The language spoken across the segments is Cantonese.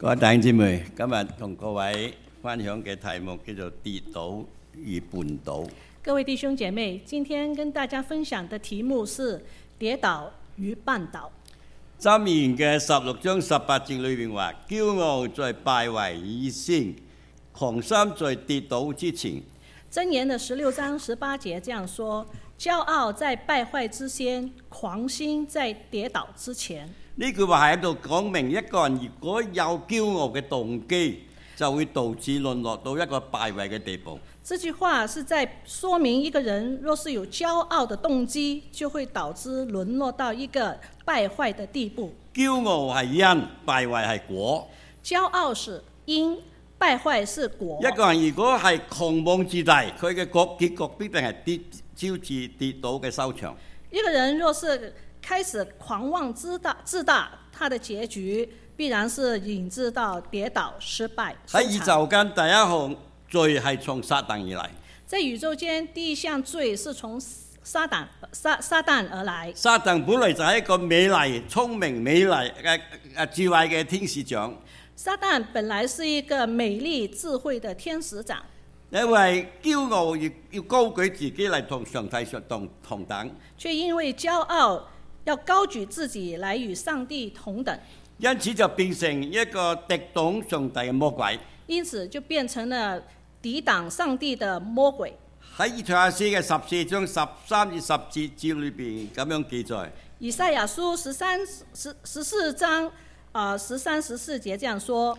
各位弟兄姐妹，今日同各位分享嘅題目叫做《跌倒與絆倒》。各位弟兄姐妹，今天跟大家分享嘅題目是《跌倒與絆倒》。箴言嘅十六章十八節裏邊話：驕傲在敗壞以先，狂心在跌倒之前。箴言嘅十六章十八節這樣說：驕傲在敗壞之先，狂心在跌倒之前。呢句話係喺度講明，一個人如果有驕傲嘅動機，就會導致淪落到一個敗壞嘅地步。這句話是在說明一個人若是有驕傲的動機，就會導致淪落到一個敗壞的地步。驕傲係因，敗壞係果。驕傲是因，敗壞是果。一個人如果係狂妄自大，佢嘅結結局必定係跌招致跌，跌，跌倒嘅收場。一個人若是開始狂妄自大，自大，他的結局必然是引致到跌倒失、失敗。喺宇宙間第一項罪係從撒旦而來。在宇宙間第一項罪是從撒旦撒撒旦而來。撒旦本來就係一個美麗、聰明、美麗嘅、啊、智慧嘅天使長。撒旦本來是一個美麗智慧嘅天使長，因為驕傲而要高舉自己嚟，同上帝說同同等，卻因為驕傲。要高舉自己來與上帝同等，因此就變成一個抵擋上帝嘅魔鬼。因此就變成了抵擋上帝的魔鬼。喺以賽亞書嘅十四章十三至十節節裏邊咁樣記載。以賽亞書十三十十四章啊十三十四節這樣說：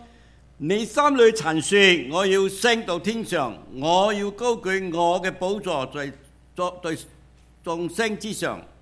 你心裏曾說，我要升到天上，我要高舉我嘅寶座在眾對眾星之上。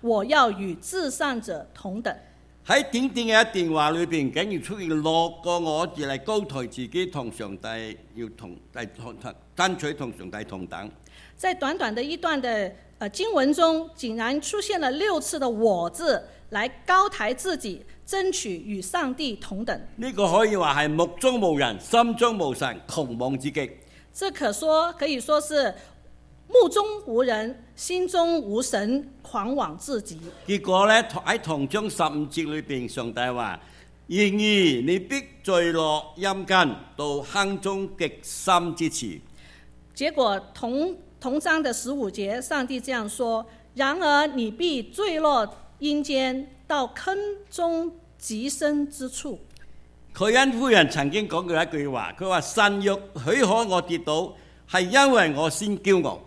我要與至上者同等。喺短短嘅一段話裏邊，竟然出現六個我字嚟高抬自己，同上帝要同第爭取同上帝同等。在短短的一段嘅誒經文中，竟然出現了六次嘅「我」字，嚟高抬自己，爭取與上帝同等。呢、這個可以話係目中無人、心中無神、狂妄之極。這可說，可以說是。目中無人，心中無神，狂妄至極。結果呢喺同章十五節裏邊，上帝話：然而你必墜落陰間，到坑中極深之處。結果同同章嘅十五節，上帝這樣說：然而你必墜落陰間，到坑中極深之處。佢恩夫人曾經講過一句話，佢話：神欲許可我跌倒，係因為我先驕傲。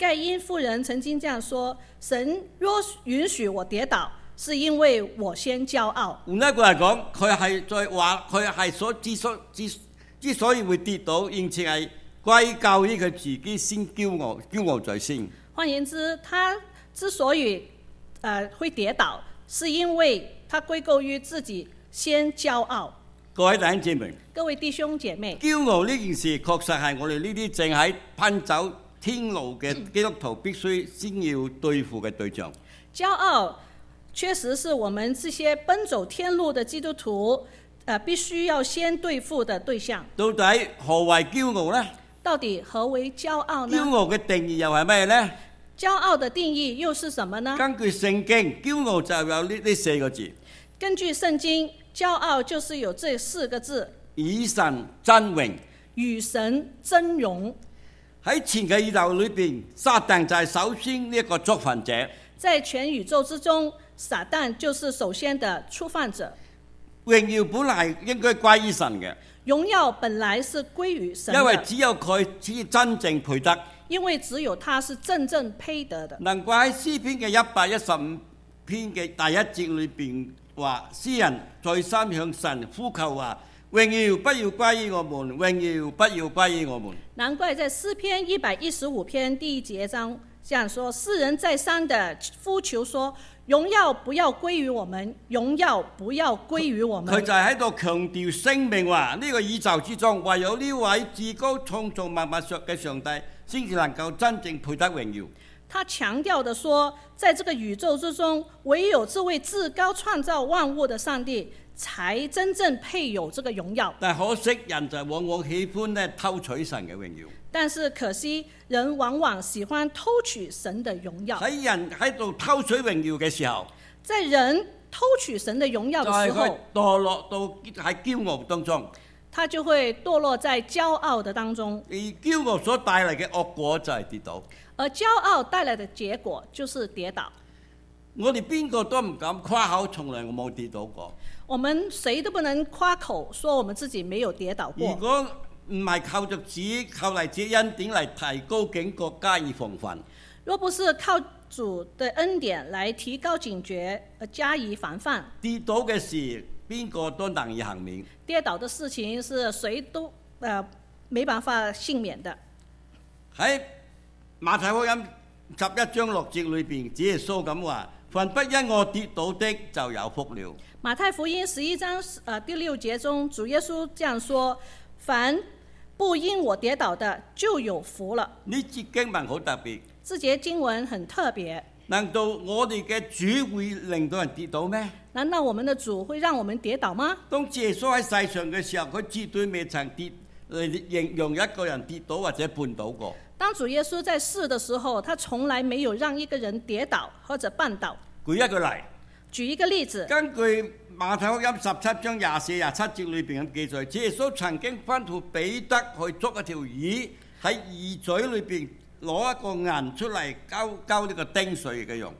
蓋因夫人曾經這樣說：神若允許我跌倒，是因為我先驕傲。換一個嚟講，佢係在話佢係所之所之之所以會跌倒，因此係歸咎於佢自己先驕傲，驕傲在先。換言之，他之所以誒、呃、會跌倒，是因為他歸咎於自己先驕傲。各位弟兄明？各位弟兄姐妹，驕傲呢件事確實係我哋呢啲正喺噴走天路嘅基督徒必須先要對付嘅對象，驕傲確實是我們這些奔走天路的基督徒，必須要先對付的對象。到底何為驕傲呢？到底何為驕傲呢？驕傲嘅定義又係咩呢？驕傲的定義又是什麼呢？根據聖經，驕傲就有呢呢四個字。根據聖經，驕傲就是有這四個字，以神真榮，與神真榮。喺前嘅宇宙裏邊，撒但就係首先呢一個觸犯者。在全宇宙之中，撒旦就是首先的觸犯者。榮耀本來係應該歸於神嘅。榮耀本來是歸於神。因為只有佢只真正配得。因為只有他是真正配得的。難怪喺詩篇嘅一百一十五篇嘅第一節裏邊話，詩人再三向神呼求話。榮耀不要歸於我們，榮耀不要歸於我們。難怪在詩篇一百一十五篇第一節中，講說詩人再三的呼求說：榮耀不要歸於我們，榮耀不要歸於我們。佢就喺度強調聲明話：呢個宇宙之中，唯有呢位至高創造萬物嘅上帝，先至能夠真正配得榮耀。他強調的說，在這個宇宙之中，唯有這位至高創造萬物的上帝。才真正配有這個榮耀，但可惜，人就往往喜歡咧偷取神嘅榮耀。但是可惜，人往往喜歡偷取神的榮耀。喺人喺度偷取榮耀嘅時候，在人偷取神的榮耀嘅時候，墮、就是、落到喺驕傲當中，他就會墮落在驕傲的當中。而驕傲所帶來嘅惡果就係跌倒，而驕傲帶來的結果就是跌倒。我哋邊個都唔敢誇口，從來我冇跌倒過。我們誰都不能誇口說我們自己沒有跌倒過。如果唔係靠着主靠嚟接恩典嚟提高警覺加以防範，若不是靠主嘅恩典嚟提高警覺，加以防範，跌倒嘅事，邊個都難以倖免。跌倒嘅事情，是誰都誒、呃，沒辦法倖免的。喺、哎、馬太福音十一章六節裏邊，只係說咁話。凡不因我跌倒的就有福了。馬太福音十一章啊、呃、第六節中，主耶穌這樣說：凡不因我跌倒的就有福了。呢節經文好特別。呢節經文很特別。難道我哋嘅主會令到人跌倒咩？難道我們的主會讓我們跌倒嗎？當耶穌喺世上嘅時候，佢絕對未曾跌嚟形容一個人跌倒或者絆倒過。當主耶穌在世的時候，他從來沒有讓一個人跌倒或者絆倒。舉一個例，舉一個例子。根據馬太福音十七章廿四、廿七節裏邊嘅記載，主耶穌曾經吩咐彼得去捉一條魚，喺魚嘴裏邊攞一個銀出嚟，交交呢個丁稅嘅用。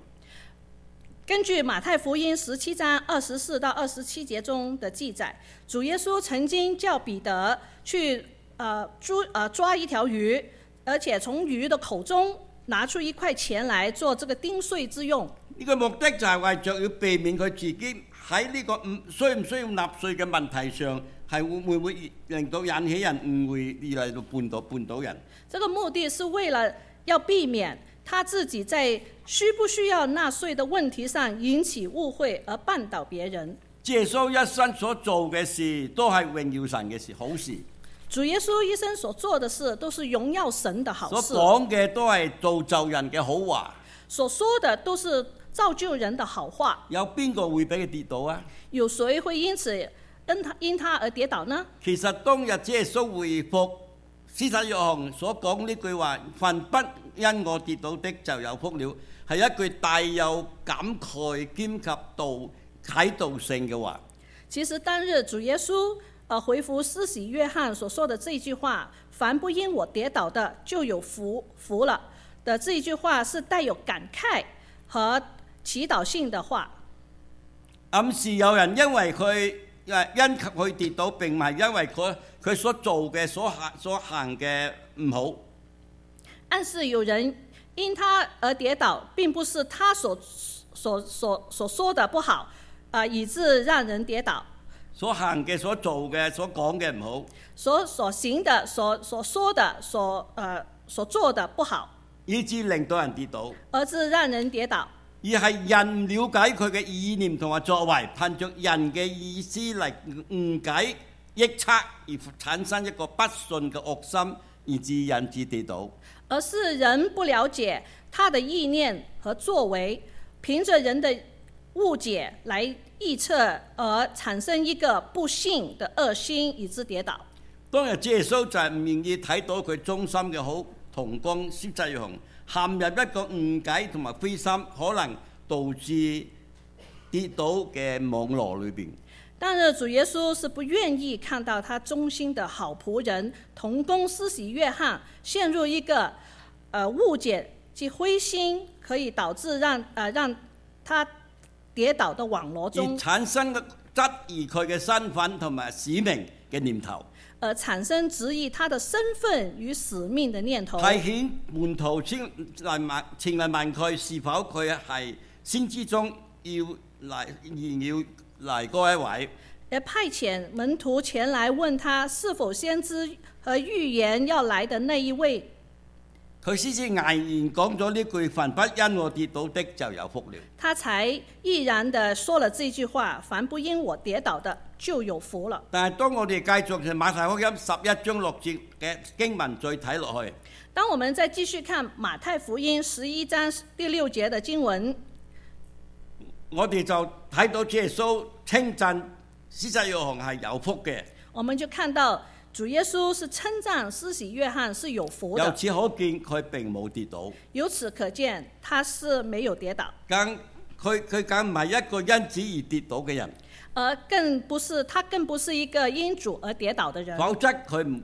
根據馬太福音十七章二十四到二十七節中嘅記載，主耶穌曾經叫彼得去呃捉呃抓一條魚。而且從魚的口中拿出一塊錢來做這個丁稅之用，呢個目的就係為着要避免佢自己喺呢個唔需唔需要納稅嘅問題上係會唔會令到引起人誤會而嚟到絆倒絆倒人。這個目的是為了要避免他自己在需不需要納稅的問題上引起誤會而絆倒別人。耶穌一生所做嘅事都係榮耀神嘅事、好事。主耶穌一生所做的事都是榮耀神的好事，所講嘅都係造就人嘅好話，所說的都是造就人的好話。有邊個會俾佢跌倒啊？有誰會因此因他因他而跌倒呢？其實當日耶穌回覆施洗約翰所講呢句話：凡不因我跌倒的就有福了，係一句帶有感慨兼及到啟導性嘅話。其實當日主耶穌。呃，回覆施洗約翰所說的這一句話：“凡不因我跌倒的，就有福福了。”的這一句話是帶有感慨和祈禱性的話。暗示有人因為佢、呃，因因及佢跌倒，並唔係因為佢佢所做嘅所行所行嘅唔好。暗示有人因他而跌倒，並不是他所所所所說的不好，啊、呃，以致讓人跌倒。所行嘅、所做嘅、所講嘅唔好，所所行的、所所說的、所呃所做的不好，以致令到人跌倒，而是讓人跌倒。而係人唔了解佢嘅意念同埋作為，憑着人嘅意思嚟誤解、臆測，而產生一個不信嘅惡心，而致引致跌倒。而是人不了解他的意念和作為，憑着人的。誤解來預測，而產生一個不幸的惡心，以致跌倒。當日，耶穌就係唔願意睇到佢忠心嘅好同工施濟雄陷入一個誤解同埋灰心，可能導致跌倒嘅網絡裏邊。但是，主耶穌是不願意看到他忠心的好僕人同工施洗約翰陷入一個呃誤解即灰心，可以導致讓、呃、讓他。越產生嘅質疑佢嘅身份同埋使命嘅念頭，而產生質疑他嘅身份與使命嘅念、呃、念頭。派遣門徒前嚟問，請嚟問佢是否佢係先知中要嚟而要嚟嗰一位？而派遣門徒前來問他是否先知和預言要來嘅那一位？佢先至毅然講咗呢句話：凡不因我跌倒的就有福了。他才毅然地說了這句話：凡不因我跌倒的就有福了。但係當我哋繼續《馬太福音》十一章六節嘅經文再睇落去，當我們再繼續看《馬太福音》十一章第六節嘅經文，我哋就睇到耶穌稱讚施洗約翰係有福嘅。我們就看到。主耶穌是稱讚施洗約翰是有福的。由此可見佢並冇跌倒。由此可見他是沒有跌倒。咁佢佢，咁唔係一個因主而跌倒嘅人，而更不是，他更不是一個因主而跌倒嘅人。否則佢唔，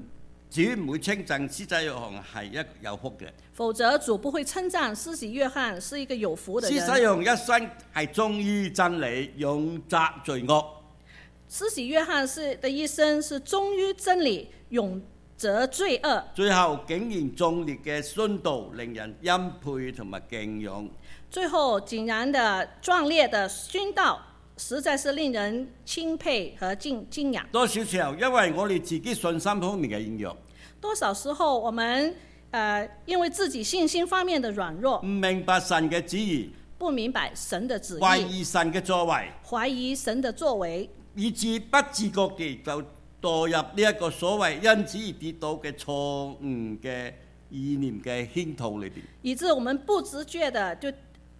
主唔會稱讚施洗約翰係一有福嘅。否則主不會稱讚施洗約翰是一個有福嘅人。施洗約翰一生係忠於真理，用責罪惡。施洗約翰是的一生是忠於真理，勇責罪惡。最後竟然壯烈嘅殉道，令人欽佩同埋敬仰。最後竟然的壯烈的殉道，實在是令人欽佩和敬敬仰。多少時候，因為我哋自己信心方面嘅軟弱，多少時候，我們誒、呃、因為自己信心方面的軟弱，唔明白神嘅旨意，不明白神嘅旨意，懷疑神嘅作為，懷疑神嘅作為。以至不自覺地就墮入呢一個所謂因主而跌倒嘅錯誤嘅意念嘅圈套裏邊，以致我們不自覺地就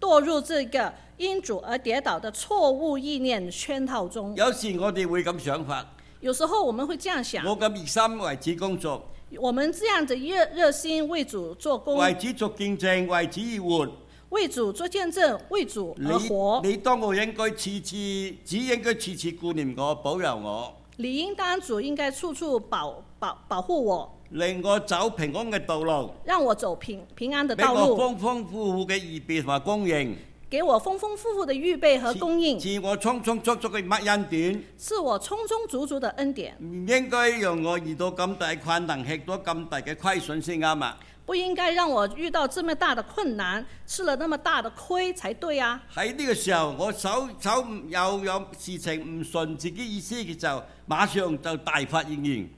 墮入這個因主而跌倒的錯誤意念圈套中。有時我哋會咁想法。有時候我們會這樣想。我咁熱心為主工作。我們這樣子熱熱心為主做工。為主作見證，為主而活。為主做見證，為主而活。你你當我應該次次只應該次次顧念我，保佑我。理應當主應該處處保保保護我，令我走平安嘅道路。讓我走平平安嘅道路。給我豐豐富富嘅預備同供應。給我豐豐富富的預備和供應。賜我充充足足嘅恩典。賜我充充足足嘅恩典。唔應該讓我遇到咁大困難，吃咗咁大嘅虧損先啱啊！不應該讓我遇到這麼大的困難，吃了那麼大的虧才對啊！喺呢個時候，我手手有有事情唔順自己意思嘅時候，馬上就大發怨言。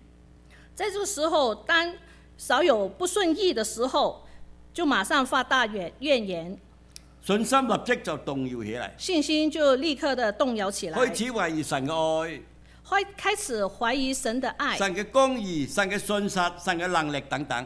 在這個時候，當稍有不順意的時候，就馬上發大怨言，信心立即就動搖起嚟，信心就立刻的動搖起來，開始懷疑神嘅愛，懷開始懷疑神的愛，神嘅公義、神嘅信實、神嘅能力等等。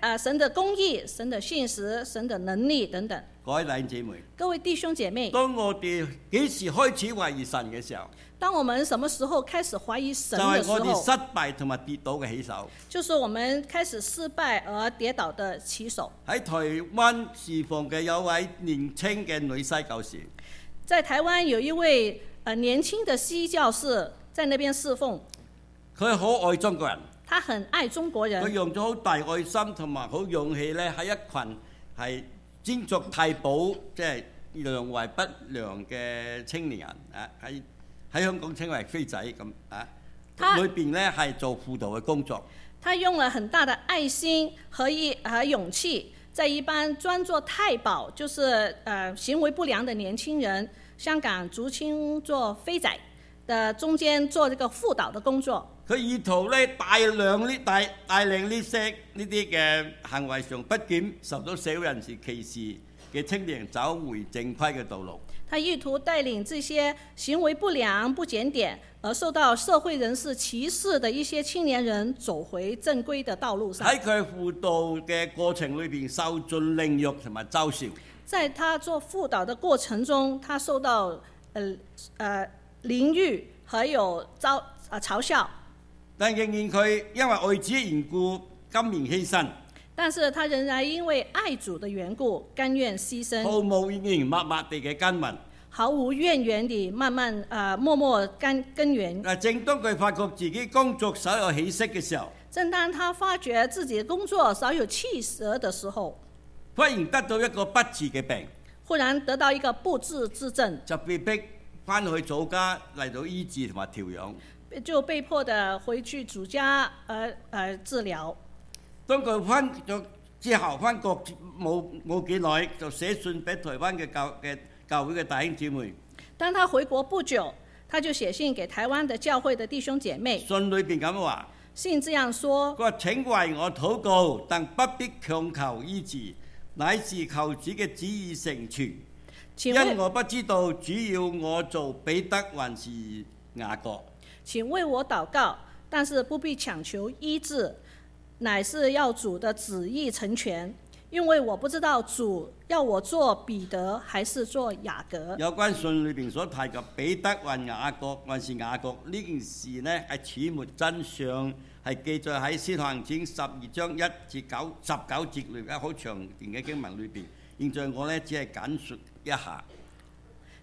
啊！神的公義、神的信實、神的能力等等。各位弟兄姐妹，各位弟兄姐妹，當我哋幾時開始懷疑神嘅時候？當、就是，我們什麼時候開始懷疑神嘅時候？就係我哋失敗同埋跌倒嘅起手。就是我們開始失敗而跌倒的起手。喺台灣侍奉嘅有位年輕嘅女西教師。在台灣有一位誒年輕嘅西教師在那邊侍奉，佢好愛中國人。他很愛中國人。佢用咗好大愛心同埋好勇氣咧，喺一群係專做太保，即係行為不良嘅青年人啊，喺喺香港稱為飛仔咁啊。佢裏邊咧係做輔導嘅工作。他用了很大的愛心和一和勇氣，在一班專做太保，就是誒、呃、行為不良的年輕人，香港俗稱做飛仔的中間做呢個輔導嘅工作。佢意圖咧，大量呢帶帶領呢些呢啲嘅行為上不檢、受到社會人士歧視嘅青年走回正規嘅道路。他意圖帶領這些行為不良、不檢點而受到社會人士歧視嘅一些青年人走回正規嘅道路上。喺佢輔導嘅過程裏邊，受盡凌辱同埋嘲笑。在他做輔導的過程中，他受到誒誒凌辱，還有遭啊嘲笑。但仍然佢因為愛子的緣故甘願犧牲。但是他仍然因為愛主的緣故甘願犧牲。毫無怨言默默地嘅耕耘。毫無怨言地慢慢啊、呃、默默咁耕耘。啊！正當佢發覺自己工作稍有起色嘅時候。正當他發覺自己工作稍有起色嘅時候。忽然得到一個不治嘅病。忽然得到一個不治之症。就被逼翻去祖家嚟到醫治同埋調養。就被迫的回去祖家，而、呃、而治療。當佢翻咗之後，翻國冇冇幾耐，就寫信俾台灣嘅教嘅教會嘅弟兄姐妹。當他回國不久，他就寫信給台灣嘅教會嘅弟兄姐妹。信裏邊咁話，信這樣說：佢話請為我禱告，但不必強求醫治，乃是求主嘅旨意成全。因我不知道主要我做彼得還是雅各。請為我禱告，但是不必強求醫治，乃是要主的旨意成全，因為我不知道主要我做彼得還是做雅各。有關信裏邊所提及彼得或雅各還是雅各呢件事呢，係始末真相係記載喺《使徒行傳》十二章一至九十九節裏嘅好長段嘅經文裏邊。現在我呢只係簡述一下。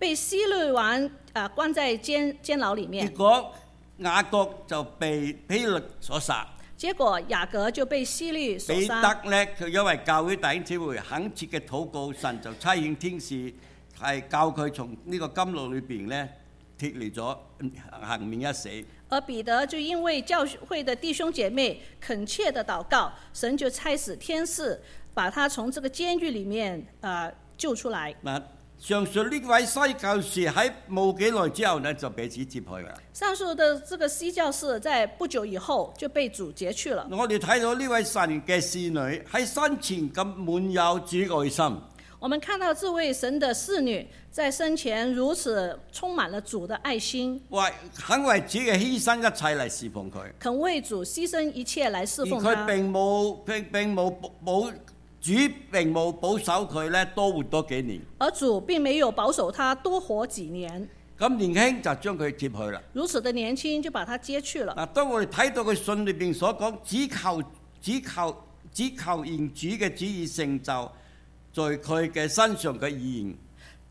被希律王啊關在監監牢裏面，結果雅各就被希律所殺。結果雅各就被希律所殺。彼得呢，佢因為教會嘅弟兄姐妹懇切嘅禱告，神就差遣天使係教佢從個面呢個監牢裏邊呢脫離咗，幸免一死。而彼得就因為教會嘅弟兄姐妹懇切嘅禱告，神就差使天使把他從這個監獄裏面啊、呃、救出來。上述呢位西教士喺冇幾耐之後，呢，就被主接去啦。上述的這個西教士在不久以後就被主截去了。我哋睇到呢位神嘅侍女喺生前咁滿有主愛心。我們看到這位神嘅侍女在生前如此充滿了主，主的愛心。為肯為主嘅犧牲一切嚟侍奉佢。肯為主犧牲一切嚟侍奉佢。並冇並並冇冇。主並冇保守佢咧，多活多幾年。而主並沒有保守他多活幾年。咁年輕就將佢接去啦。如此的年輕就把他接去了。嗱，當我哋睇到佢信裏邊所講，只求只求只求願主嘅旨意成就在佢嘅身上嘅意願。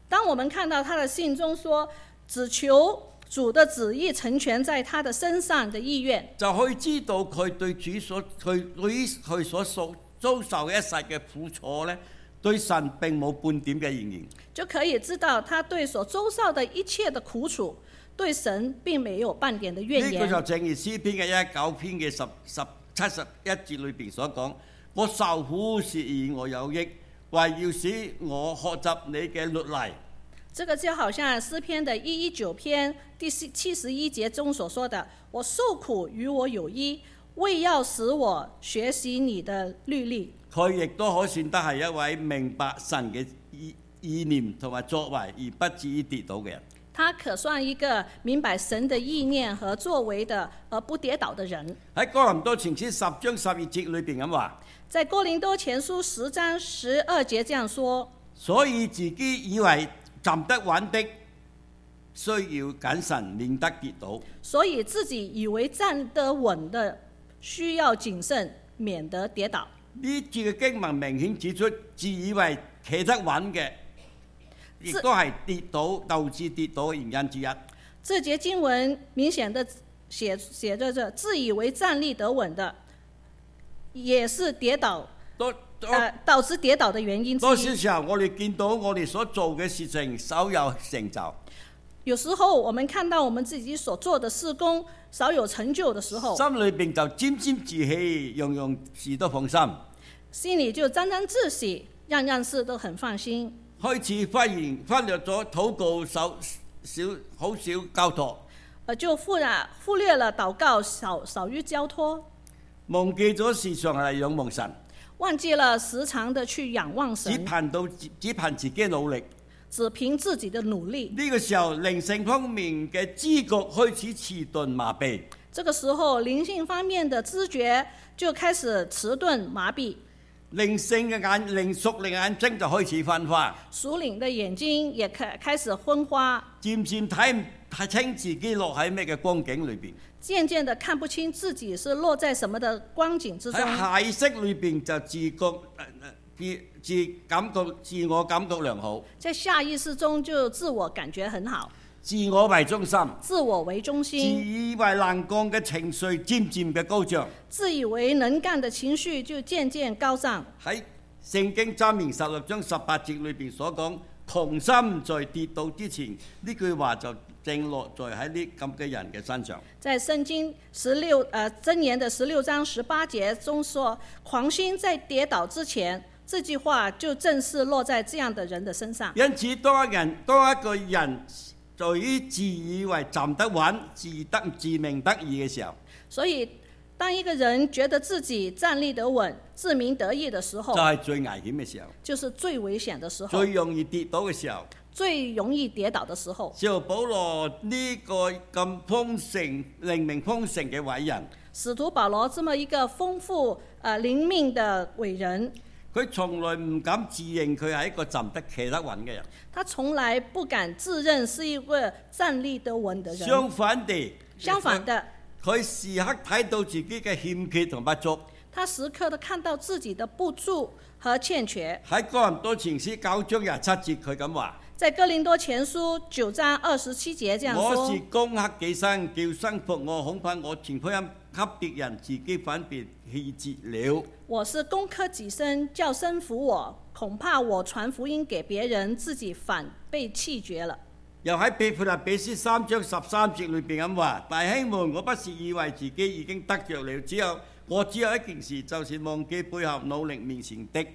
當我們看到他的信中說，只求主的旨意成全在他的身上的意願，就可以知道佢對主所佢佢所屬。遭受一世嘅苦楚咧，對神並冇半點嘅怨言，就可以知道他對所遭受嘅一切嘅苦楚，對神並沒有半點嘅怨言。正如詩篇嘅一九篇嘅十十七十一節裏邊所講：我受苦是與我有益，為要使我學習你嘅律例。這個就好像詩篇的一一九篇第七十一節中所說的：我受苦與我有益。為要使我學習你的律例，佢亦都可算得係一位明白神嘅意意念同埋作為，而不至於跌倒嘅人。他可算一個明白神嘅意念和作為的，而不跌倒嘅人。喺哥林多前書十章十二節裏邊咁話。在哥林多前書十章十二節這樣說。所以自己以為站得穩的，需要謹慎，免得跌倒。所以自己以為站得穩的。需要謹慎，免得跌倒。呢節嘅經文明顯指出，自以為企得穩嘅，亦都係跌倒，導致跌倒嘅原因之一。這節經文明顯地寫寫在這，這自以為站立得穩的，也是跌倒，誒導致跌倒的原因之一。多少時候我哋見到我哋所做嘅事情稍有成就，有時候我們看到我們自己所做的事工。少有成就嘅時候，心裏邊就沾沾自喜，樣樣事都放心；心裏就沾沾自喜，樣樣事都很放心。開始發現忽略咗禱告，少少好少交託，就忽略忽略了禱告，少少於交託，忘記咗時常係仰望神，忘記了時常的去仰望神，只憑到只，只憑自己努力。只憑自己的努力。呢個時候靈性方面嘅知覺開始遲鈍麻痹。這個時候靈性方面的知覺就開始遲鈍麻痹。靈性嘅眼，靈熟，靈眼睛就開始昏花。熟靈嘅眼睛也開，開始昏花。漸漸睇唔太清自己落喺咩嘅光景裏邊。漸漸的看不清自己是落在什麼的光景之中。喺意識裏邊就自覺。自，自感覺自我感覺良好，在下意識中就自我感覺很好。自我為中心，自我為中心。自以為能幹嘅情緒漸漸嘅高漲，自以為能幹嘅情緒就漸漸高漲。喺聖經箴言十六章十八節裏邊所講，狂心在跌倒之前，呢句話就正落在喺呢咁嘅人嘅身上。在聖經十六誒箴言嘅十六章十八節中，說狂心在跌倒之前。這句話就正是落在這樣的人的身上。因此，多人多一個人，在於自以為站得穩、自得自命得意嘅時候。所以，當一個人覺得自己站立得穩、自命得意的時候，就係、是、最危險嘅時候。就是最危險的時候。最容易跌倒嘅時候。最容易跌倒的時候。就保羅呢個咁豐盛、靈命豐盛嘅偉人。使徒保羅這麼一個豐富、啊、呃、靈命的偉人。佢從來唔敢自認佢係一個站得企得穩嘅人。他從來不敢自認是一個站立得穩嘅人。相反地，相反的，佢時刻睇到自己嘅欠缺同不足。他時刻都看到自己的不足和欠缺。喺《哥林多前書》九章廿七節，佢咁話。在哥林多前書九章二十七節，這樣說：我是攻克己身，叫身服我，恐怕我全福音給別人，自己反被棄絕了。我是攻克己身，叫身服我，恐怕我傳福音給別人，自己反被棄絕了。又喺腓立比啊腓立比書三章十三節裏邊咁話：弟兄們，我不是以為自己已經得着了，只有我只有一件事，就是忘記背後，努力面前的。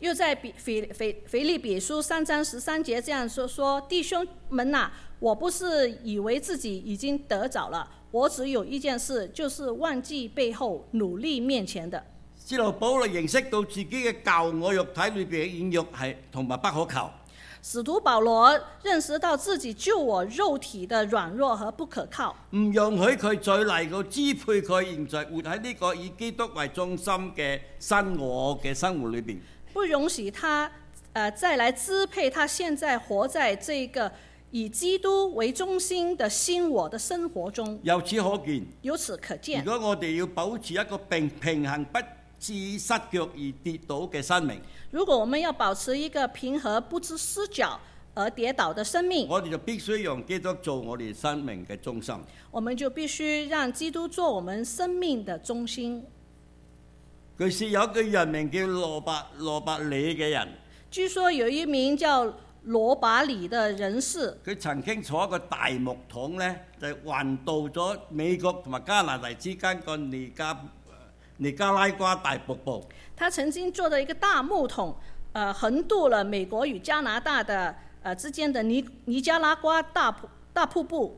又在比，腓腓利比書三章十三節這樣說：，說弟兄們吶、啊，我不是以為自己已經得着了，我只有一件事，就是忘記背後，努力面前的。使徒保羅認識到自己嘅舊我肉體裏邊嘅軟弱係同埋不可靠，使徒保羅認識到自己舊我肉體的軟弱和不可靠，唔容許佢再嚟個支配佢，現在活喺呢個以基督為中心嘅新我嘅生活裏邊。不容許他，呃，再來支配他現在活在這個以基督為中心的新我的生活中。由此可見。由此可見。如果我哋要保持一個並平衡，不致失腳而跌倒嘅生命。如果我們要保持一個平和、不致失腳而跌倒嘅生命，我哋就必須用基督做我哋生命嘅中心。我們就必須讓基督做我們生命嘅中心。佢是有個人名叫羅伯羅伯里嘅人。據說有一名叫羅伯里的人士，佢曾經坐一個大木桶呢，就橫渡咗美國同埋加拿大之間個尼加尼加拉瓜大瀑布。他曾經坐咗一個大木桶，呃，橫渡了美國與加拿大的，呃，之間的尼尼加拉瓜大瀑大瀑布。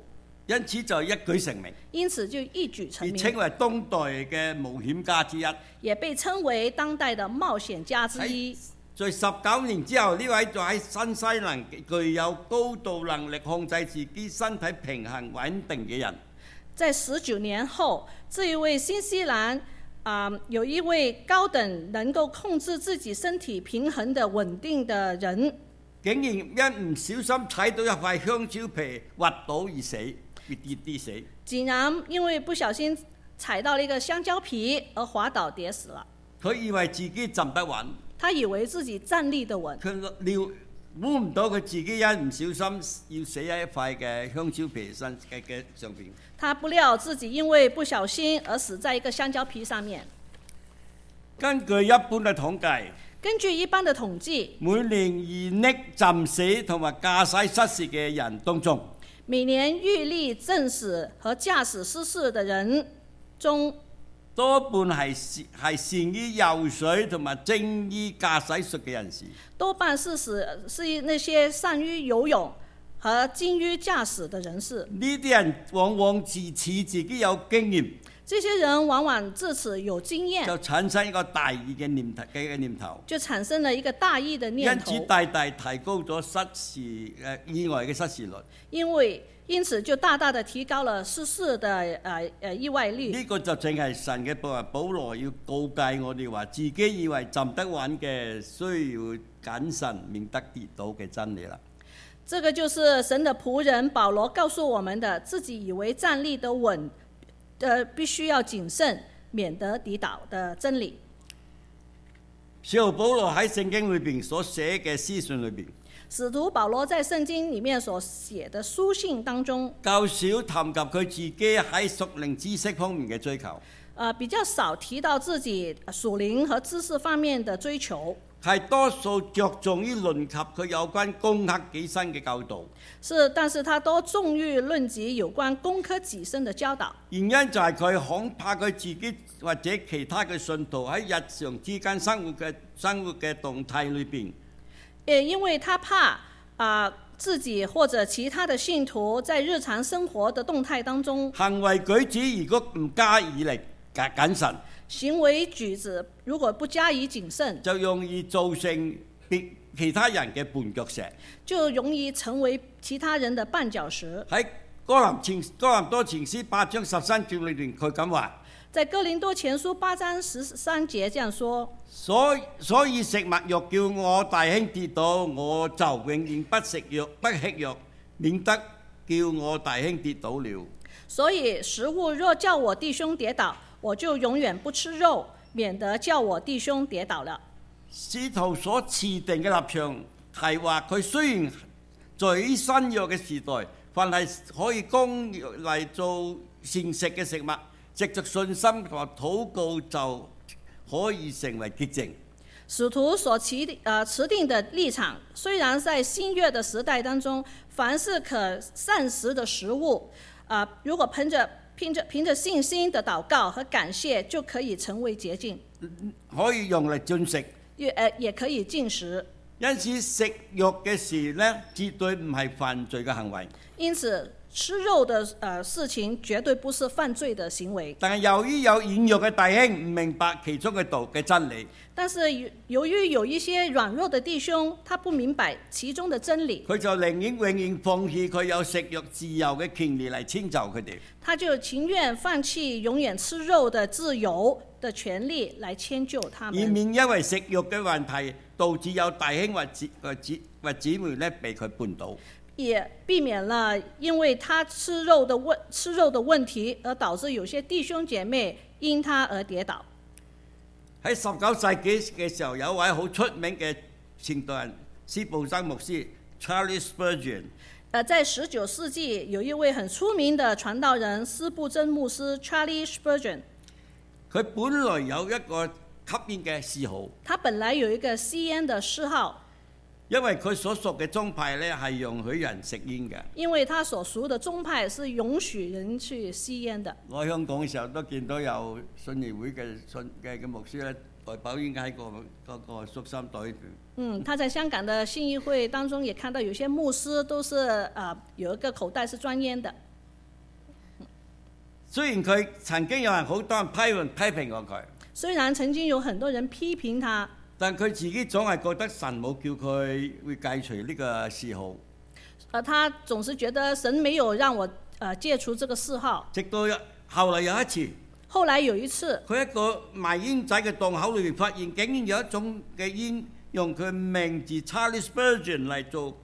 因此就一舉成名，因此就一舉成名，被稱為當代嘅冒險家之一，也被稱為當代的冒險家之一。在十九年之後，呢位就喺新西蘭具有高度能力控制自己身體平衡穩定嘅人，在十九年後，這一位新西蘭啊、嗯，有一位高等能夠控制自己身體平衡的穩定的人，竟然因唔小心踩到一塊香蕉皮滑倒而死。跌跌死，竟然因為不小心踩到了一個香蕉皮而滑倒跌死了。佢以為自己站得穩，他以為自己站立得穩。佢料估唔到佢自己一唔小心要死喺一塊嘅香蕉皮身嘅嘅上邊。他不料自己因為不小心而死在一個香蕉皮上面。根據一般嘅統計，根據一般的統計，每年而溺浸死同埋駕駛失事嘅人當中。每年遇溺正死和駕駛失事的人中，多半係係善於游水同埋精於駕駛術嘅人士。多半是是是那些善於游泳和精於駕駛的人士。呢啲人往往自恃自己有經驗。這些人往往自此有經驗，就產生一個大意嘅念頭，呢個念頭就產生了一個大意嘅念頭，因此大大提高咗失事誒、呃、意外嘅失事率。因為因此就大大的提高了失事的誒誒、呃呃、意外率。呢、這個就正係神嘅保羅保羅要告誡我哋話，自己以為站得穩嘅，需要謹慎，免得跌倒嘅真理啦。這個就是神的僕人保羅告訴我們的：自己以為站立得穩。呃，必須要謹慎，免得跌倒的真理。使徒保羅喺聖經裏邊所寫嘅書信裏邊，使徒保羅在聖經裏面所寫嘅書信當中，較少談及佢自己喺屬靈知識方面嘅追求，啊，比較少提到自己屬靈和知識方面嘅追求。係多數着重於論及佢有關攻克己身嘅教導。是，但是他多重於論及有關攻克己身嘅教導。原因就係佢恐怕佢自己或者其他嘅信徒喺日常之間生活嘅生活嘅動態裏邊。誒，因為他怕啊自己或者其他的信徒在日常生活的動態當中，行為舉止如果唔加以力，嘅謹慎。行為舉止如果不加以謹慎，就容易造成別其他人嘅絆腳石，就容易成為其他人嘅絆腳石。喺哥林前哥林多前書八章十三節裏邊，佢咁話。在哥林多前書八章十三節這樣說。所以所以食物若叫我弟兄跌倒，我就永遠不食肉不吃肉，免得叫我弟兄跌倒了。所以食物若叫我弟兄跌倒。我就永遠不吃肉，免得叫我弟兄跌倒了。使徒所持定嘅立場係話，佢雖然最新約嘅時代，凡係可以供嚟做膳食嘅食物，藉著信心同埋禱告就可以成為潔淨。使徒所持呃持定嘅立場，雖然在新約嘅時代當中，凡是可膳食嘅食物，啊、呃，如果憑着。憑着憑着信心的禱告和感謝就可以成為捷徑，可以用嚟進食，也可以進食。因此食肉嘅事呢，絕對唔係犯罪嘅行為。因此。吃肉的誒事情絕對不是犯罪的行為，但係由於有軟弱嘅弟兄唔明白其中嘅道嘅真理，但是由於有一些軟弱的弟兄，他不明白其中的真理，佢就寧願永遠放棄佢有食肉自由嘅權利嚟遷就佢哋，他就情願放棄永遠吃肉的自由的權利嚟遷就他們，以免因為食肉嘅問題，導致有弟兄或姊或或姊妹咧被佢絆倒。也避免了因為他吃肉的問吃肉的問題，而導致有些弟兄姐妹因他而跌倒。喺十九世紀嘅時候，有位好出名嘅傳道人施布真牧師 Charles Spurgeon。呃，在十九世紀有一位很出名嘅傳道人施佈真牧師 Charles Spurgeon。佢本來有一個吸煙嘅嗜好。他本來有一個吸煙嘅嗜好。因為佢所屬嘅宗派咧，係容許人食煙嘅。因為他所屬嘅宗派是容許人去吸煙的。我香港嘅時候都見到有信義會嘅信嘅嘅牧師咧，袋包煙喺個嗰個恤衫袋度。嗯，他在香港嘅信義會當中也看到有些牧師都是，啊，有一個口袋是裝煙的。雖然佢曾經有人好多人批評批評過佢。雖然曾經有很多人批評他。但佢自己總係覺得神冇叫佢會戒除呢個嗜好。啊，他總是覺得神沒有讓我啊戒除這個嗜好。直到後來有一次，後來有一次，佢喺一個賣煙仔嘅檔口裏面發現，竟然有一種嘅煙用佢名字 Charles Spurgeon 嚟做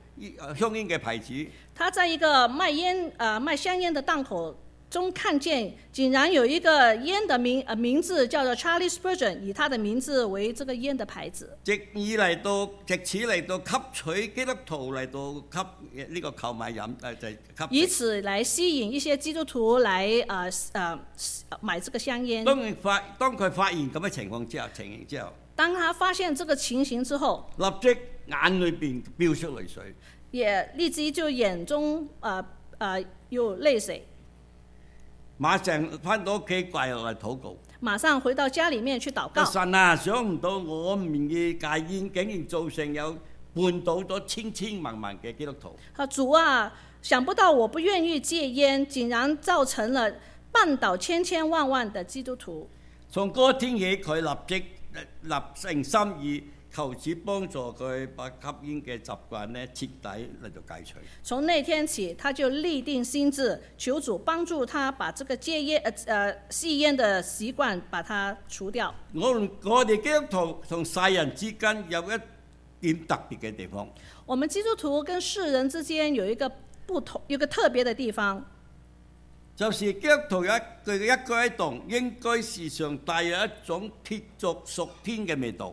香煙嘅牌子。他在一個賣煙啊賣香煙嘅檔口。中看見竟然有一個煙的名啊名字叫做 Charlie Spurgeon，以他的名字為這個煙的牌子。即係嚟到，藉此嚟到吸取基督徒嚟到吸呢個購買飲，誒就吸。以此嚟吸引一些基督徒嚟誒誒買這個香煙。當佢發，當佢發現咁嘅情況之後情形之後，當他發現這個情形之後，立即眼裏邊飆出淚水，也立即就眼中誒誒有淚水。馬上返到屋企跪落嚟禱告。馬上回到家裏面去禱告。神啊，想唔到我唔願意戒煙，竟然造成有絆倒咗千千萬萬嘅基督徒。啊主啊，想不到我不願意戒煙，竟然造成了絆倒千千萬萬的基督徒。從嗰、啊、天起，佢立即立成心意。求主幫助佢把吸煙嘅習慣呢徹底嚟到戒除。從那天起，他就立定心志，求主幫助他把這個戒煙誒誒吸煙的習慣把它除掉。我我哋基督徒同世人之間有一點特別嘅地方。我們基督徒跟世人之間有一個不同、有個特別嘅地方，就是基督徒有一佢嘅一舉一動應該時常帶有一種鐵作屬天嘅味道。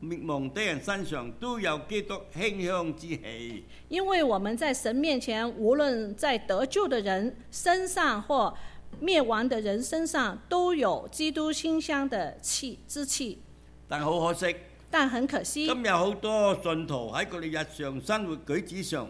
滅亡的人身上都有基督馨香之氣，因為我們在神面前，無論在得救的人身上或滅亡的人身上，都有基督馨香的氣之氣。但好可惜，但很可惜，今日好多信徒喺佢哋日常生活舉止上、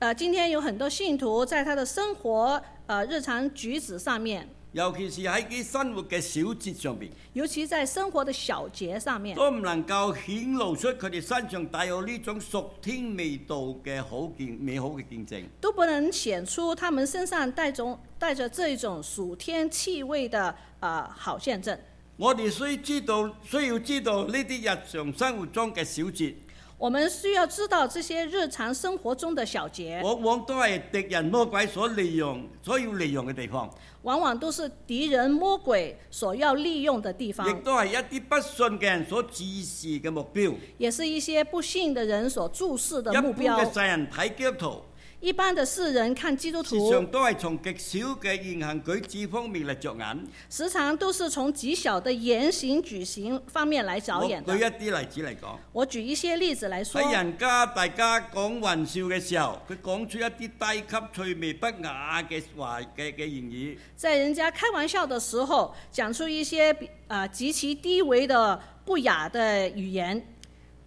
呃，今天有很多信徒在他的生活、呃、日常舉止上面。尤其是喺佢生活嘅小節上面，尤其在生活嘅小節上面，都唔能夠顯露出佢哋身上帶有呢種屬天味道嘅好見美好嘅見證，都不能顯出他們身上帶種帶着這種屬天氣味的啊、呃、好見證。我哋需知道，需要知道呢啲日常生活中嘅小節。我們需要知道這些日常生活中的小節，往往都係敵人魔鬼所利用、所要利用嘅地方。往往都是敵人魔鬼所要利、利用的地方。亦都係一啲不信嘅人所指示嘅目標。也是一些不信的人所注視的目標。一般的世人看基督徒，時常都係從極少嘅言行舉止方面嚟着眼。時常都是從極小的言行舉行方面嚟着眼。舉一啲例子嚟講，我舉一些例子嚟講。喺人家大家講玩笑嘅時候，佢講出一啲低級趣味不雅嘅話嘅嘅言語，在人家開玩笑嘅時候，講出一些啊極其低微嘅不雅嘅語言。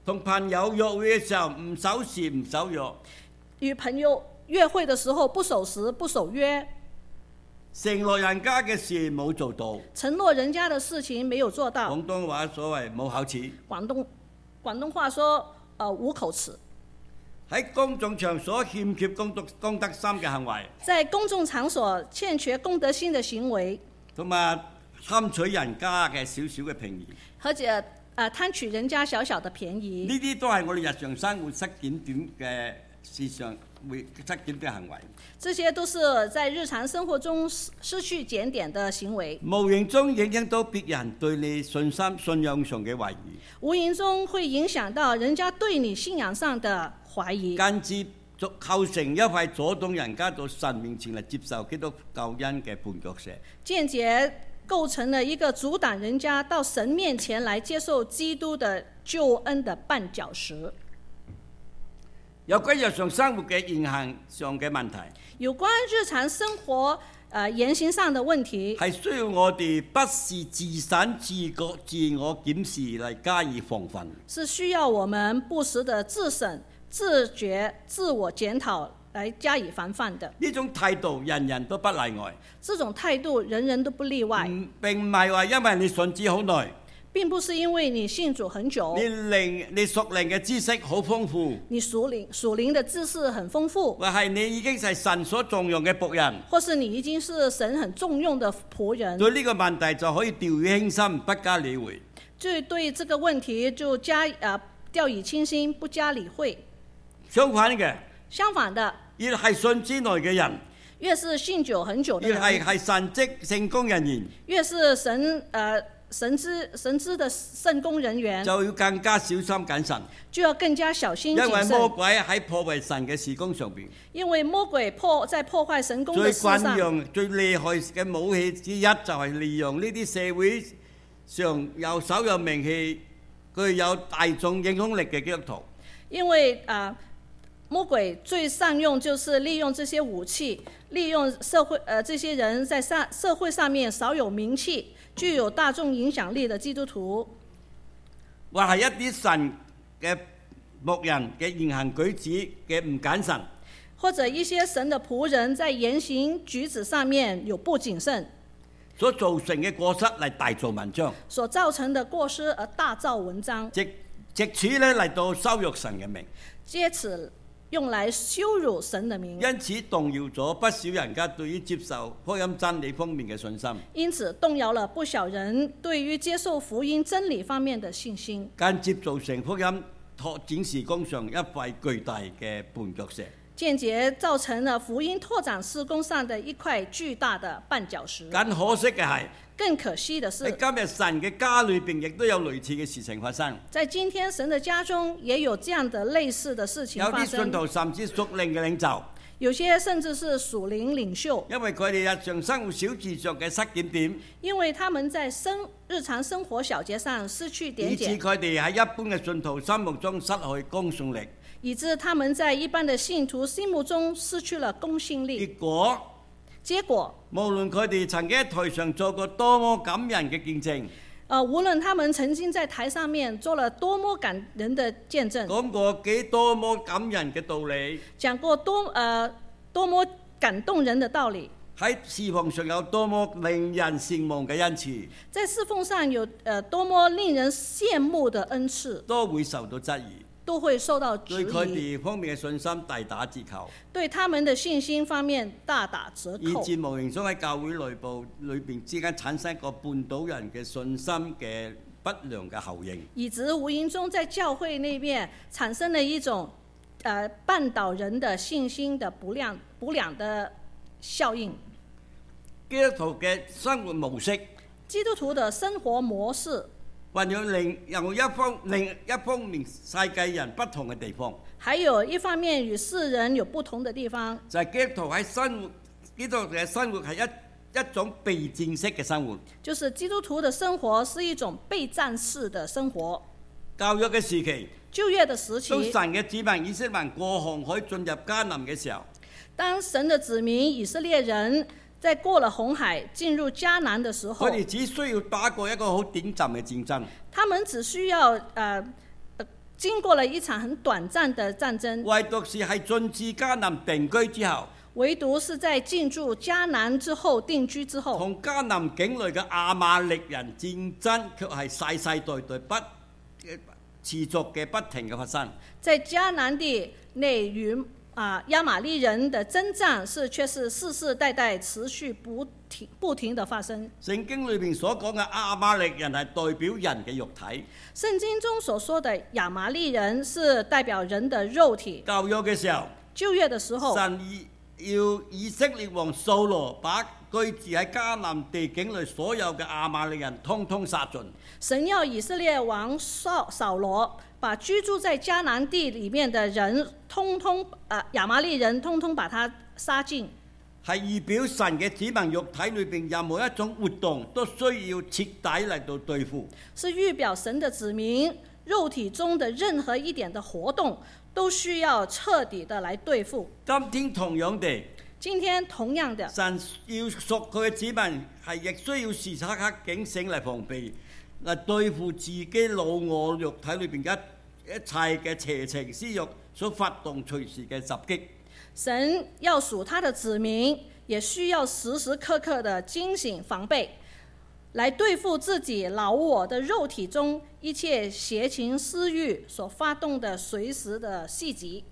同朋友約會嘅時候唔守時唔守約。與朋友約會嘅時候不守時、不守約，承諾人家嘅事冇做到。承諾人家嘅事情沒有做到。廣東話所謂冇口齒。廣東廣東話說，呃無口齒。喺公眾場所欠缺公德公德心嘅行為。在公眾場所欠缺公，公德心嘅行為。同埋貪取人家嘅少少嘅便宜。或者啊，貪、呃、取人家小小嘅便宜。呢啲都係我哋日常生活失檢點嘅事上，會出現啲行為，這些都是在日常生活中失去檢點的行為。無形中影響到別人對你信心信仰上嘅懷疑。無形中會影響到人家對你信仰上的懷疑。間接構成一塊阻擋人家到神面前嚟接受基督救恩嘅絆腳石。間接構成了一個阻擋人家到神面前來接受基督的救恩的絆腳石。有關日常生活嘅言行上嘅問題，有關日常生活誒、呃、言行上嘅問題，係需要我哋不時自省、自覺、自我檢視嚟加以防範。是需要我們不時嘅自省、自覺、自我檢討嚟加以防範的。呢種態度人人都不例外。這種態度人人都不例外。唔並唔係話因為你順治好耐。並不是因為你信主很久，你靈，你屬靈嘅知識好豐富，你屬靈屬靈的知識很豐富，富，或係你已經係神所重用嘅僕人，或是你已經是神很重用嘅僕人。對呢個問題就可以掉以輕心，不加理會。就對這個問題就加啊掉以輕心，不加理會。相反嘅，相反的，越係信之內嘅人，越是信主很久，越係係神職成功人員，越是神誒。啊神之神之的聖工人員就要更加小心謹慎，就要更加小心。因為魔鬼喺破壞神嘅事工上邊，因為魔鬼破在破壞神工。最慣用、最厲害嘅武器之一就係利用呢啲社會上有少有名氣、具有大眾影響力嘅基督徒，因為啊，魔鬼最善用就是利用這些武器，利用社會誒、呃，這些人在上社會上面少有名氣，具有大眾影響力的基督徒，或係一啲神嘅牧人嘅言行舉止嘅唔謹慎，或者一些神嘅僕人在言行舉止上面有不謹慎，慎，所造成嘅過失嚟大做文章，所造成的過失而大做文章，直直此呢嚟到羞辱神嘅名，借此。用來羞辱神的名，因此動搖咗不少人家對於接受福音真理方面嘅信心。因此動搖了不少人對於接受福音真理方面的信心，間接造成福音拓展事工上一塊巨大嘅絆腳石。間接造成了福音拓展事工上的一塊巨大的絆腳石。更可惜嘅係。更可惜的是，今日神嘅家裏邊亦都有類似嘅事情發生。在今天神嘅家中也有這樣的類似嘅事情發生。有啲信徒甚至屬靈嘅領袖，有些甚至是屬靈領袖，因為佢哋日常生活小節上嘅失檢點，因為他們在生日常生活小節上失去點檢，以致佢哋喺一般嘅信徒心目中失去公信力，以致他們在一般的信徒心目中失去了公信力。結果。結果，無論佢哋曾經喺台上做過多麼感人嘅見證，無論他們曾經在台上面做了多麼感人的見證，講過幾多麼感人嘅道理，講過多、呃、多麼感動人的道理，喺侍奉上有多麼令人羨慕嘅恩賜，在侍奉上有呃多麼令人羨慕嘅恩賜，都會受到質疑。都會受到對佢哋方面嘅信心大打折扣。對他們的信心方面大打折扣。以致無形中喺教會內部裏邊之間產生一個絆倒人嘅信心嘅不良嘅效應，以致無形中在教會裏面產生了一種呃，絆倒人的信心嘅不良不良的效應。基督徒嘅生活模式。基督徒嘅生活模式。還有另又一方另一方面世界人不同嘅地方，還有一方面與世人有不同的地方。就係、是、基督徒喺生活，基督徒嘅生活係一一種備戰式嘅生活。就是基督徒嘅生活是一,一種備戰式嘅生活。教育嘅時期，就業嘅時期，當神嘅子民以色列人過紅海進入迦南嘅時候，當神嘅子民以色列人。在過了紅海進入迦南的時候，佢哋只需要打過一個好短暫嘅戰爭。他們只需要，呃，經過了一場很短暫嘅戰爭。唯獨是喺進駐迦南定居之後，唯獨是在進駐迦南之後定居之後，同迦南境內嘅亞瑪力人戰爭卻係世世代代不持續嘅不停嘅發生。在迦南地，內院。啊！亞瑪利人的征戰是，卻是世世代代持續不停、不停的發生。聖經裏邊所講嘅亞瑪利人係代表人嘅肉體。聖經中所說的亞瑪利人是代表人的肉體。舊約嘅時候，舊約嘅時候，神要以色列王掃羅把居住喺迦南地境內所有嘅亞瑪利人通通殺盡。神要以色列王掃掃羅，把居住在迦南地裏面的人，通通啊亞麻利人，通通把他殺盡。係預表神嘅子民肉體裏邊任何一種活動都需要徹底嚟到對付。是預表神嘅子民，肉體中的任何一點的活動，都需要徹底的來對付。今天同樣的，今天同樣的，神要屬佢嘅子民係亦需要時時刻刻警醒嚟防備，嚟對付自己老我肉體裏邊嘅。一切嘅邪情私欲所發動隨時嘅襲擊，神要屬他的子民，也需要時時刻刻的警醒防備，來對付自己老我的肉體中一切邪情私慾所發動的隨時的襲擊。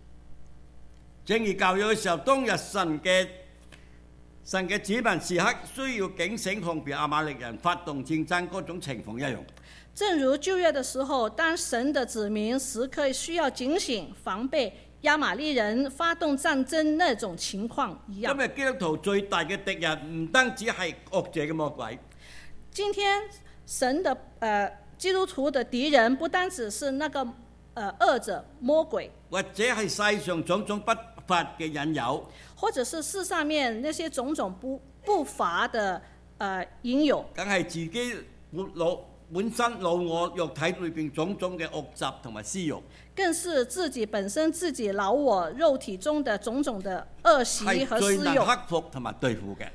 正如舊約嘅時候，當日神嘅神嘅子民時刻需要警醒，同別亞瑪力人發動戰爭嗰種情況一樣。正如舊約的時候，當神的子民時刻需要警醒防備亞瑪利人發動戰爭那種情況一樣。今日基督徒最大嘅敵人唔單止係惡者嘅魔鬼。今天神的誒、呃、基督徒的敵人不單止是那個誒、呃、惡者魔鬼，或者係世上種種不法嘅引誘，或者是世上面那些種種不不法的誒、呃、引誘，梗係自己活路。本身老我肉體裏邊種種嘅惡習同埋私欲，更是自己本身自己老我肉體中的種種的惡習和私欲，克服同埋對付嘅，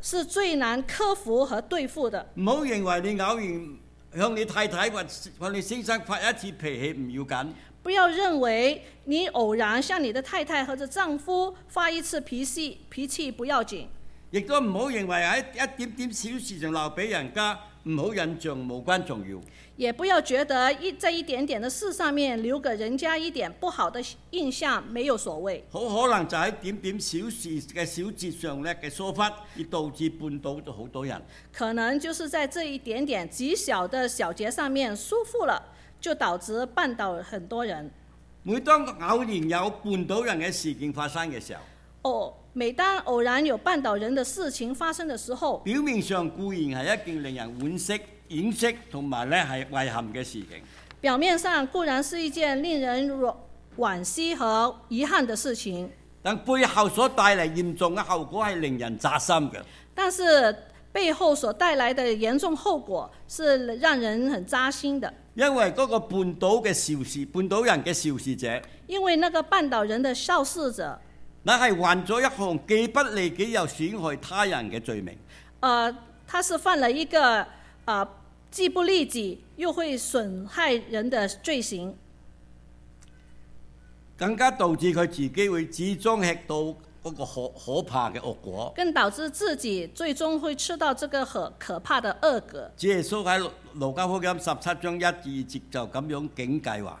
是最難克服和對付的。唔好認為你偶然向你太太或或你先生發一次脾氣唔要緊，不要認為你偶然向你的太太或者丈夫發一次脾氣，脾氣不要緊。亦都唔好認為喺一點點小事上鬧俾人家唔好印象無關重要。也不要覺得一在一點點嘅事上面留給人家一點不好的印象沒有所謂。好可能就喺點點小事嘅小節上咧嘅疏忽而導致絆倒咗好多人。可能就是在這一點點極小的小節上面疏忽了，就導致絆倒很多人。每當偶然有絆倒人嘅事件發生嘅時候。哦，每當偶然有絆倒人的事情發生的時候，表面上固然係一件令人惋惜、惋惜同埋咧係遺憾嘅事情。表面上固然是一件令人惋惜和遺憾的事情，但背後所帶嚟嚴重嘅後果係令人扎心嘅。但是背後所帶來的嚴重後果是讓人很扎心的，因為嗰個絆倒嘅肇事、絆倒人嘅肇事者。因為那個絆倒人的肇事者。你係犯咗一項既不利己又損害他人嘅罪名。誒，他是犯了一個誒既不利己又會損害人的罪行，更加導致佢自己會最終吃到嗰個可可怕嘅惡果。更導致自己最終會吃到這個可怕的惡果，果。只係蘇喺《路加福音》十七章一至二節就咁樣警戒話。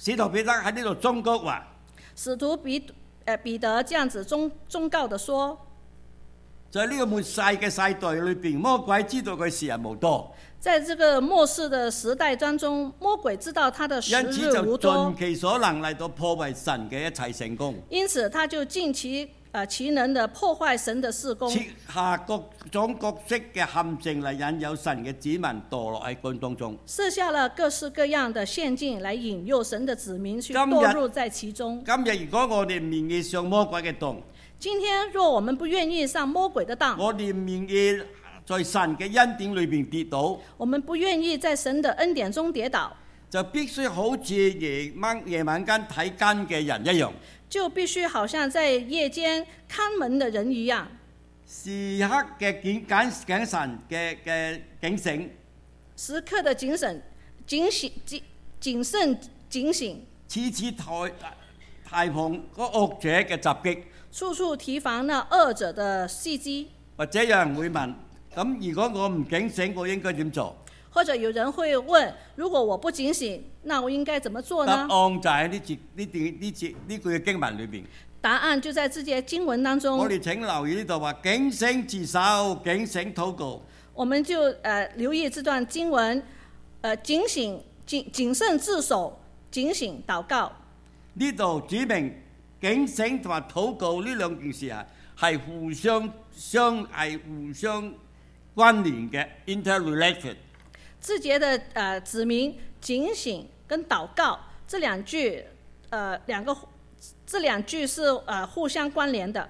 使徒彼得喺呢度忠告話，使徒彼得、呃、彼得這樣子忠忠告的說，在呢個末世嘅世代裏邊，魔鬼知道佢時日無多。在這個末世的時代當中，魔鬼知道他的時日無多。因此就盡其所能嚟到破壞神嘅一切成功。因此他就盡其。啊！其能的破壞神的事工，設下各種各式嘅陷阱嚟引誘神嘅子民墮落喺軍當中。設下了各式各樣的陷阱嚟引誘神嘅子民去墮入在其中。今日，今日如果我哋唔願意上魔鬼嘅當，今天若我們不願意上魔鬼嘅當，我哋唔願意在神嘅恩典裏邊跌倒。我們不願意在神嘅恩典中跌倒，就必須好似夜晚夜晚間睇更嘅人一樣。就必須好像在夜間看門的人一樣，時刻嘅警警警神嘅嘅警醒，時刻的警醒、警醒、謹謹慎警醒，處處提防嗰惡者嘅襲擊，處處提防那惡者的襲擊。或者有人會問：咁如果我唔警醒，我應該點做？或者有人會問：如果我不警醒，那我應該怎麼做呢？答案就喺呢節呢段呢節呢句經文裏邊。答案就在這節經文當中。我哋請留意呢度話：警醒自守，警醒禱告。我們就誒、uh，留意這段經文，誒、呃、警醒、謹謹慎自守，警醒禱告。呢度指明警醒同埋禱告呢兩件事係互相相係互相關聯嘅 interrelated。自覺的，呃，指明警醒跟禱告這兩句，呃，兩個這兩句是，呃，互相關聯的。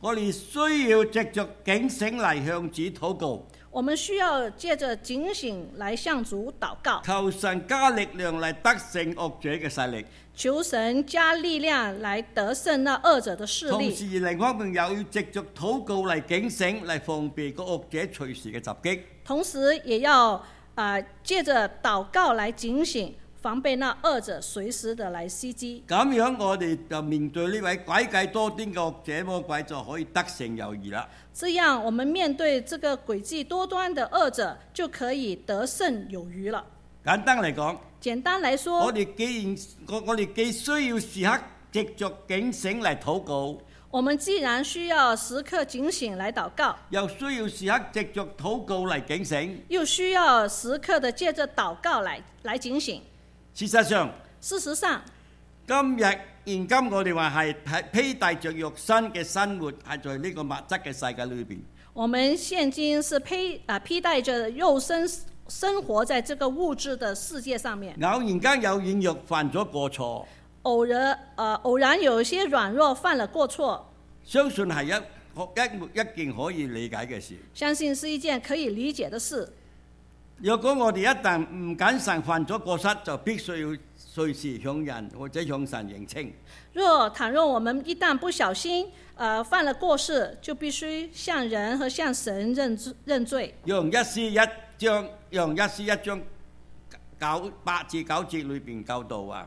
我哋需要藉着警醒嚟向主禱告。我們需要藉着警醒嚟向主禱告。求神加力量嚟得勝惡者嘅勢力。求神加力量嚟得勝那二者的勢力。同時另一方面又要藉着禱告嚟警醒嚟防備個惡者隨時嘅襲擊。同時也要。啊！借着禱告來警醒，防備那惡者隨時的來襲擊。咁樣我哋就面對呢位詭計多端嘅魔鬼，就可以得勝有餘啦。這樣，我們面對這個詭計多端的惡者，就可以得勝有餘了。簡單嚟講，簡單來說，我哋既然我我哋既需要時刻藉着警醒嚟禱告。我們既然需要時刻警醒來禱告，又需要時刻藉着禱告嚟警醒，又需要時刻的借着禱告來來警醒。事實上，事實上，今日現今我哋話係係披戴着肉身嘅生活喺在呢個物質嘅世界裏邊。我們現今是披啊披戴着肉身生活在這個物質的世界上面。偶然間有軟弱犯咗過錯。偶然，呃，偶然有些軟弱犯了過錯，相信係一一一件可以理解嘅事。相信是一件可以理解的事。若果我哋一旦唔謹慎犯咗過失，就必須要隨時向人或者向神認清。若倘若我們一旦不小心，呃，犯了過失，就必須向人和向神認認罪。用一絲一章，用一絲一章九八至九節裏邊教導啊。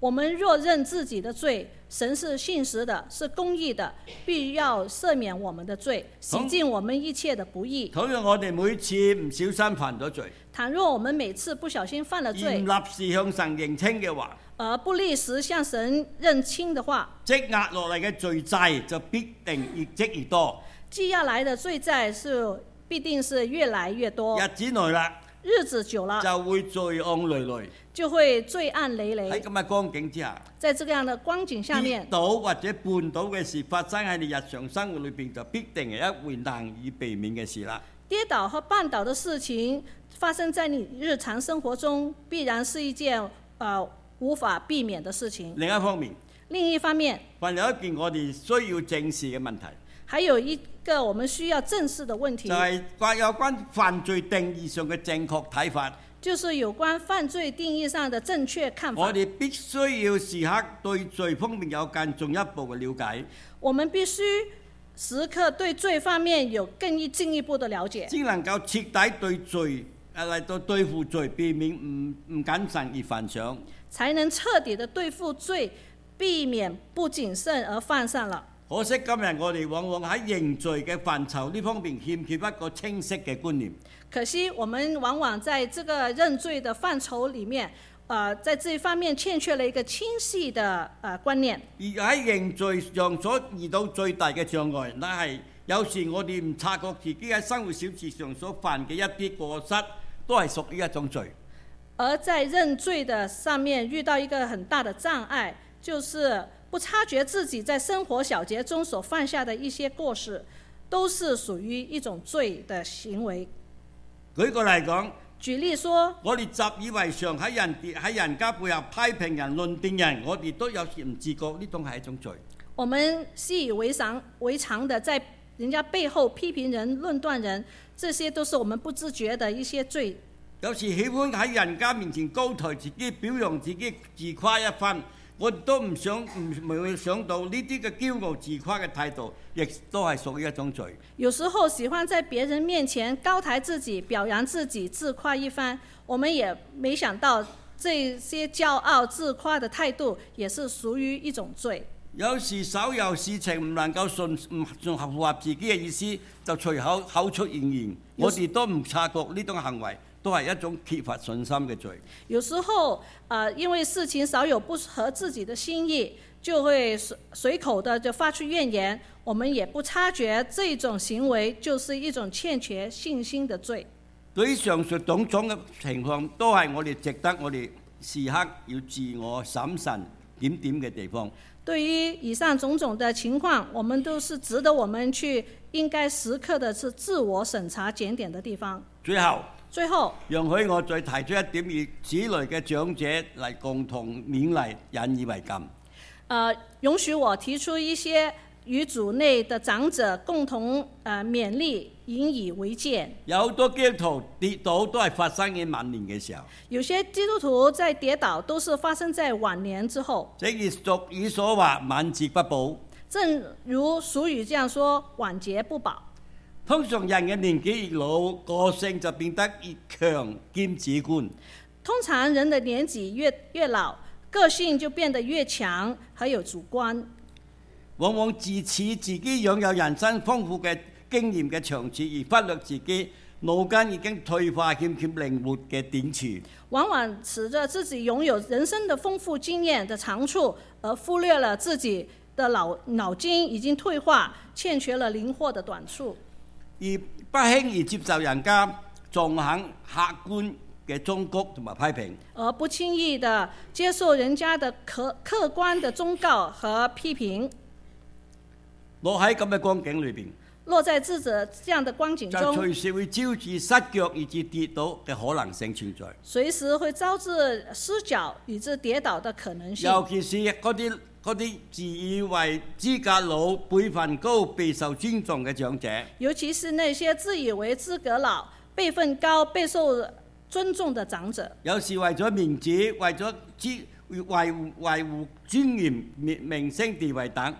我們若認自己的罪，神是信實的，是公義的，必要赦免我們的罪，洗淨我們一切的不義。倘若我哋每次唔小心犯咗罪。倘若我們每次不小心犯了罪，而不立時向神認清嘅話，而不立時向神認清的話，積壓落嚟嘅罪債就必定越積越多。積下來嘅罪債是必定是越來越多。日子耐啦。日子久了，就會罪案累累，就會罪案累累。喺咁嘅光景之下，在這個樣的光景下面，跌倒或者絆倒嘅事發生喺你日常生活裏邊，就必定係一回難以避免嘅事啦。跌倒和絆倒嘅事情發生在你日常生活中，必然是一件呃無法避免嘅事情。另一方面，另一方面，還有一件我哋需要正視嘅問題，還有一。這個我們需要正視的問題，在、就、關、是、有關犯罪定義上嘅正確睇法，就是有關犯罪定義上的正確看法。我哋必須要時刻對罪方面有更進一步嘅了解。我們必須時刻對罪方面有更進一步的了解，只能夠徹底對罪誒嚟、啊、到對付罪，避免唔唔謹慎而犯上，才能徹底的對付罪，避免不謹慎而犯上了。可惜今日我哋往往喺認罪嘅範疇呢方面欠缺一個清晰嘅觀念。可惜我們往往在這個認罪的範疇裏面，誒，在這方面欠缺了一個清晰的誒觀念。而喺認罪上所遇到最大嘅障礙乃係有時我哋唔察覺自己喺生活小事上所犯嘅一啲過失，都係屬於一種罪。而在認罪的上面遇到一個很大的障礙，就是。不察覺自己在生活小節中所犯下的一些過失，都是屬於一種罪的行為。舉個嚟講，舉例說，我哋習以為常喺人哋喺人家背後批評人、論定人，我哋都有時唔自覺，呢種係一種罪。我們習以為常為常的在人家背後批評人、論斷人，這些都是我們不自覺的一些罪。有時喜歡喺人家面前高抬自己表、表揚自己、自誇一番。我都唔想唔未會想到呢啲嘅驕傲自誇嘅態度，亦都係屬於一種罪。有時候喜歡在別人面前高抬自己、表揚自己、自誇一番，我們也沒想到這些驕傲自誇嘅態度，也是屬於一種罪。有時手有事情唔能夠順唔符合自己嘅意思，就隨口口出言言，我哋都唔察覺呢種行為，都係一種缺乏信心嘅罪。有時候，啊、呃，因為事情稍有不合自己的心意，就會隨隨口的就發出怨言。我們也不察覺，這種行為就是一種欠缺信心的罪。對於上述種種嘅情況，都係我哋值得我哋時刻要自我審慎檢點嘅地方。對於以上種種的情況，我們都是值得我們去應該時刻的是自我審查檢點的地方。最後。最後，容許我再提出一點，與子女嘅長者嚟共同勉勵，引以為鑑。誒、呃，容許我提出一些與主內的長者共同誒、呃、勉勵，引以為戒。有好多基督徒跌倒都係發生喺晚年嘅時候。有些基督徒在跌倒都是發生在晚年之後。正如俗語所話，晚節不保。正如俗語這樣說，晚節不保。通常人嘅年紀越老，個性就變得越強兼主觀。通常人嘅年紀越越老，個性就變得越強，還有主觀。往往自恃自己擁有人生豐富嘅經驗嘅長處，而忽略自己腦筋已經退化、欠缺靈活嘅短處。往往持着自己擁有人生的豐富經驗的長處，而忽略了自己的老腦筋已經退化、欠缺了靈活的短處。而不輕易接受人家中肯客觀嘅忠告同埋批評，而不輕易的接受人家的客客觀的忠告和批評。落喺咁嘅光景裏邊，落在自責，這樣的光景中，就隨時會招致失腳以至跌倒嘅可能性存在，隨時會招致失腳以至跌倒的可能性，尤其是嗰啲。嗰啲自以為資格老、輩份高、備受尊重嘅長者，尤其是那些自以為資格老、輩份高、備受尊重的長者，有時為咗面子、為咗尊、維護維護尊嚴名、名聲地位等。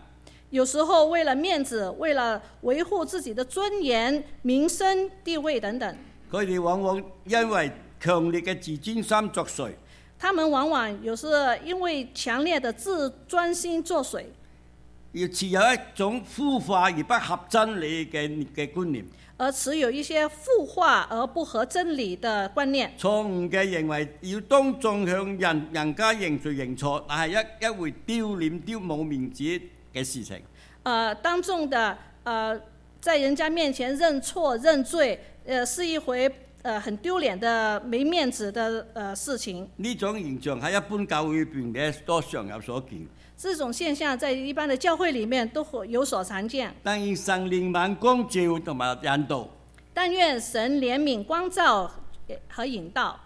有時候為了面子、為了維護自己的尊嚴、名聲地位等等，佢哋往往因為強烈嘅自尊心作祟。他們往往有時因為強烈的自尊心作祟，要持有一種腐化而不合真理嘅嘅觀念，而持有一些腐化而不合真理的觀念，錯誤嘅認為要當眾向人人家認罪認錯，但係一一回丟臉丟冇面子嘅事情。呃，當眾的呃，在人家面前認錯認罪，呃，是一回。呃，很丟臉的、沒面子的，呃事情。呢種現象喺一般教會裏邊嘅都常有所見。這種現象在一般的教會裏面都會有所常見。但願神憐憫光照同埋引導。但願神憐憫光照和引導。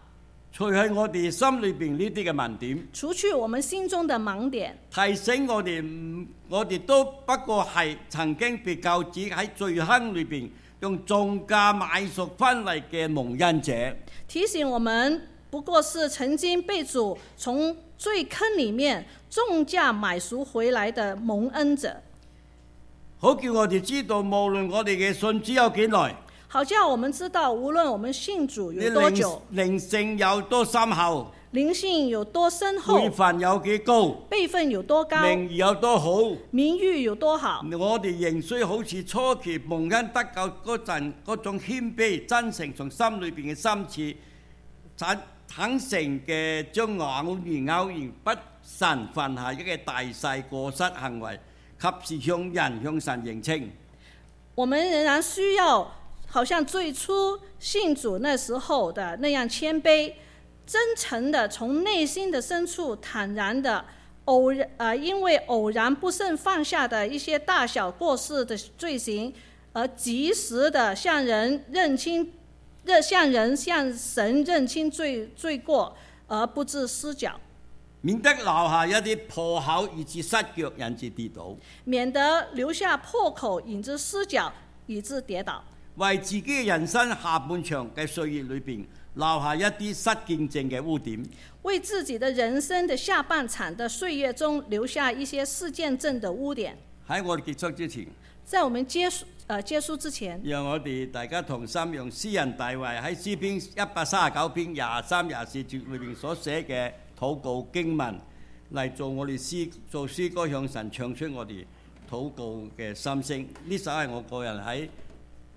除去我哋心裏邊呢啲嘅盲點。除去我們心中嘅盲點。提醒我哋，我哋都不過係曾經被教子喺罪坑裏邊用重價買贖翻嚟嘅蒙恩者，提醒我們不過是曾經被主從罪坑裡面重價買贖回來的蒙恩者，好叫我哋知道，無論我哋嘅信主有幾耐。好叫我們知道，無論我們信主有多久，靈性有多深厚。靈性有多深厚，多輩份有幾高，名譽有多好，名譽有多好。我哋仍需好似初期蒙恩得救嗰陣嗰種謙卑真誠，從心裏邊嘅深切，坦坦誠嘅將偶然、偶然不慎犯下嘅大細過失行為，及時向人向神認清。我們仍然需要，好像最初信主那時候的那樣謙卑。真誠的，從內心的深處坦然的，偶然、呃、因為偶然不慎犯下的一些大小過失的罪行，而、呃、及時的向人認清，向人向神認清罪罪過，而不致失腳，免得留下一啲破口，以致失腳，引致跌倒，免得留下破口，引致失腳，以致跌倒，為自己嘅人生下半場嘅歲月裏邊。留下一啲失見證嘅污點，為自己的人生的下半場的歲月中留下一些失見證的污點。喺我哋結束之前，在我們結束，誒結束之前，讓我哋大家同心用詩人大衛喺詩篇一百三十九篇廿三廿四節裏邊所寫嘅禱告經文嚟做我哋詩，做詩歌向神唱出我哋禱告嘅心聲。呢首係我個人喺。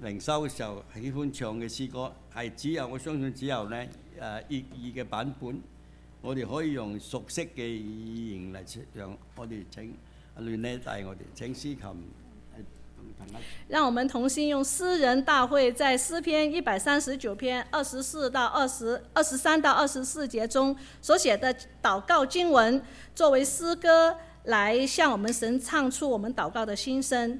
靈修嘅時候，喜歡唱嘅詩歌係只有我相信只有咧誒粵語嘅版本。我哋可以用熟悉嘅語言嚟讓我哋請阿亂呢帶我哋請司琴、呃。讓我們同心用詩人大會在詩篇一百三十九篇二十四到二十二十三到二十四節中所寫的禱告經文作為詩歌，來向我們神唱出我們禱告的心聲。